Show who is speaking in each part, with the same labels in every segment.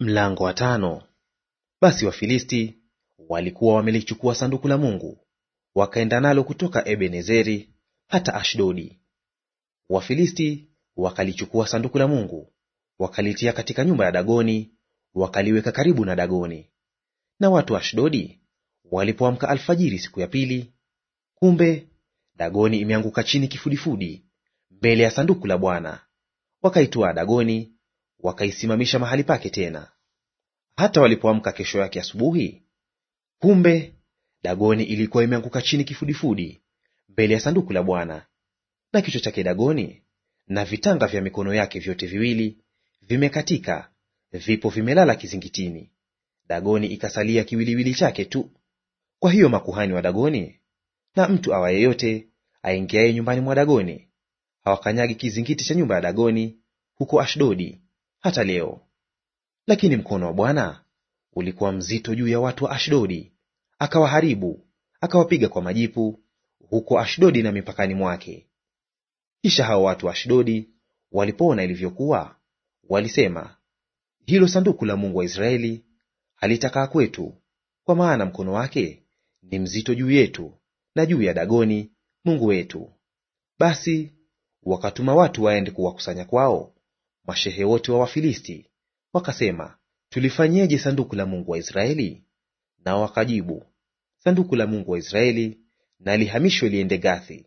Speaker 1: Mlango wa tano. Basi Wafilisti walikuwa wamelichukua sanduku la Mungu wakaenda nalo kutoka Ebenezeri hata Ashdodi. Wafilisti wakalichukua sanduku la Mungu wakalitia katika nyumba ya Dagoni wakaliweka karibu na Dagoni. Na watu wa Ashdodi walipoamka alfajiri siku ya pili, kumbe Dagoni imeanguka chini kifudifudi mbele ya sanduku la Bwana. Wakaitoa Dagoni wakaisimamisha mahali pake tena. Hata walipoamka kesho yake asubuhi, kumbe Dagoni ilikuwa imeanguka chini kifudifudi mbele ya sanduku la Bwana, na kichwa chake Dagoni na vitanga vya mikono yake vyote viwili vimekatika, vipo vimelala kizingitini. Dagoni ikasalia kiwiliwili chake tu. Kwa hiyo makuhani wa Dagoni na mtu awa yeyote aingiaye nyumbani mwa Dagoni hawakanyagi kizingiti cha nyumba ya Dagoni huko Ashdodi, hata leo. Lakini mkono wa Bwana ulikuwa mzito juu ya watu wa Ashdodi, akawaharibu, akawapiga kwa majipu huko Ashdodi na mipakani mwake. Kisha hao watu wa Ashdodi walipoona ilivyokuwa, walisema, hilo sanduku la Mungu wa Israeli halitakaa kwetu, kwa maana mkono wake ni mzito juu yetu na juu ya Dagoni mungu wetu. Basi wakatuma watu waende kuwakusanya kwao mashehe wote wa Wafilisti wakasema, tulifanyeje sanduku la Mungu wa Israeli? Nao wakajibu, sanduku la Mungu wa Israeli na lihamishwe liende Gathi.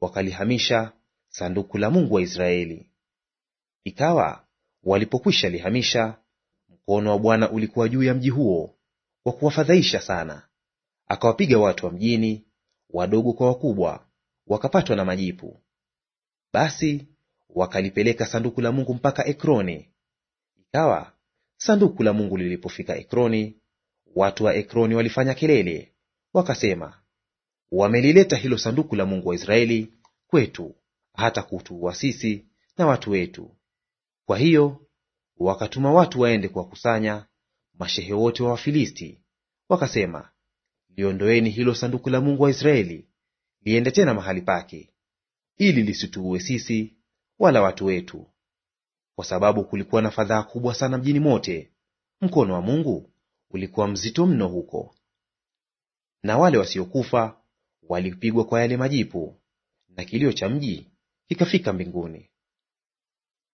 Speaker 1: Wakalihamisha sanduku la Mungu wa Israeli. Ikawa walipokwisha lihamisha, mkono wa Bwana ulikuwa juu ya mji huo kwa kuwafadhaisha sana, akawapiga watu wa mjini, wadogo kwa wakubwa, wakapatwa na majipu. Basi wakalipeleka sanduku la Mungu mpaka Ekroni. Ikawa sanduku la Mungu lilipofika Ekroni, watu wa Ekroni walifanya kelele, wakasema, wamelileta hilo sanduku la Mungu wa Israeli kwetu, hata kutuua sisi na watu wetu. Kwa hiyo wakatuma watu waende kuwakusanya mashehe wote wa Wafilisti, wakasema, liondoeni hilo sanduku la Mungu wa Israeli liende tena mahali pake, ili lisituue sisi wala watu wetu, kwa sababu kulikuwa na fadhaa kubwa sana mjini mote; mkono wa Mungu ulikuwa mzito mno huko. Na wale wasiokufa walipigwa kwa yale majipu, na kilio cha mji kikafika mbinguni.